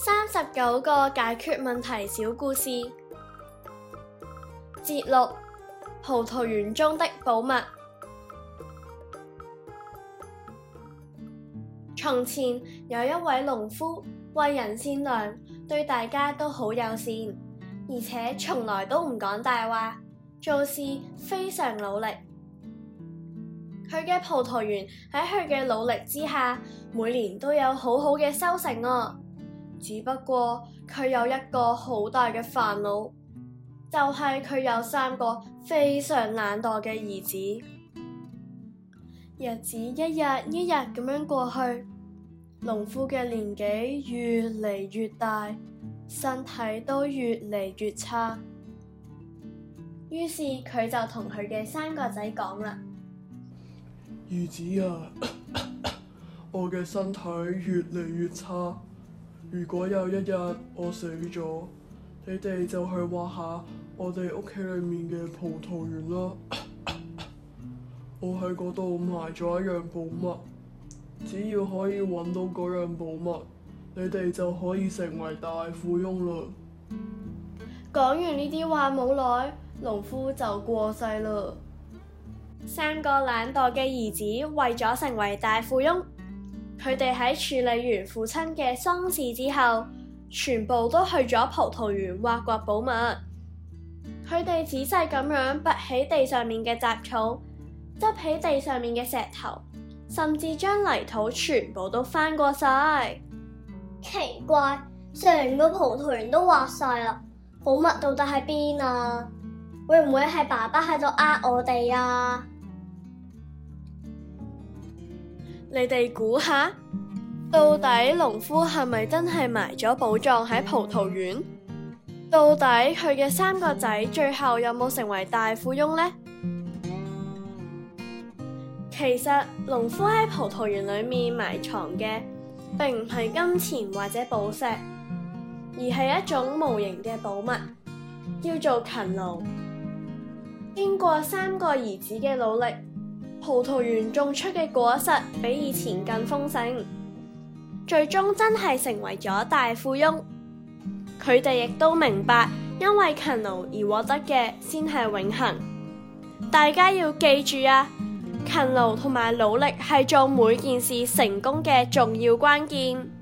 三十九個解決問題小故事，節錄葡萄園中的寶物。從前有一位農夫，為人善良，對大家都好友善，而且從來都唔講大話，做事非常努力。佢嘅葡萄園喺佢嘅努力之下，每年都有好好嘅收成哦。只不過佢有一個好大嘅煩惱，就係佢有三個非常懶惰嘅兒子。日子一日一日咁樣過去，農夫嘅年紀越嚟越大，身體都越嚟越差。於是佢就同佢嘅三個仔講啦，兒子啊，咳咳，我嘅身體越嚟越差。如果有一日我死咗，你哋就去挖下我哋屋企裏面嘅葡萄園啦。 我喺嗰度埋咗一樣寶物，只要可以揾到嗰樣寶物，你哋就可以成為大富翁啦。講完呢啲話冇耐，農夫就過世啦。三個懶惰嘅兒子為咗成為大富翁。佢哋喺處理完父親嘅喪事之後，全部都去咗葡萄園挖掘寶物。佢哋仔細咁樣拔起地上面嘅雜草，執起地上面嘅石頭，甚至將泥土全部都翻過晒。奇怪，成個葡萄園都挖晒啦，寶物到底喺邊啊？會唔會係爸爸喺度呃我哋啊？你哋估下，到底農夫係咪真係埋咗寶藏喺葡萄園？到底佢嘅三個仔最後有冇成為大富翁呢？其實農夫喺葡萄園裏面埋藏嘅，並唔係金錢或者寶石，而係一種無形嘅寶物，叫做勤勞。經過三個兒子嘅努力。葡萄園種出嘅果實比以前更豐盛，最終真係成為咗大富翁。佢哋亦都明白，因為勤勞而獲得嘅先係永恆。大家要記住啊，勤勞同埋努力係做每件事成功嘅重要關鍵。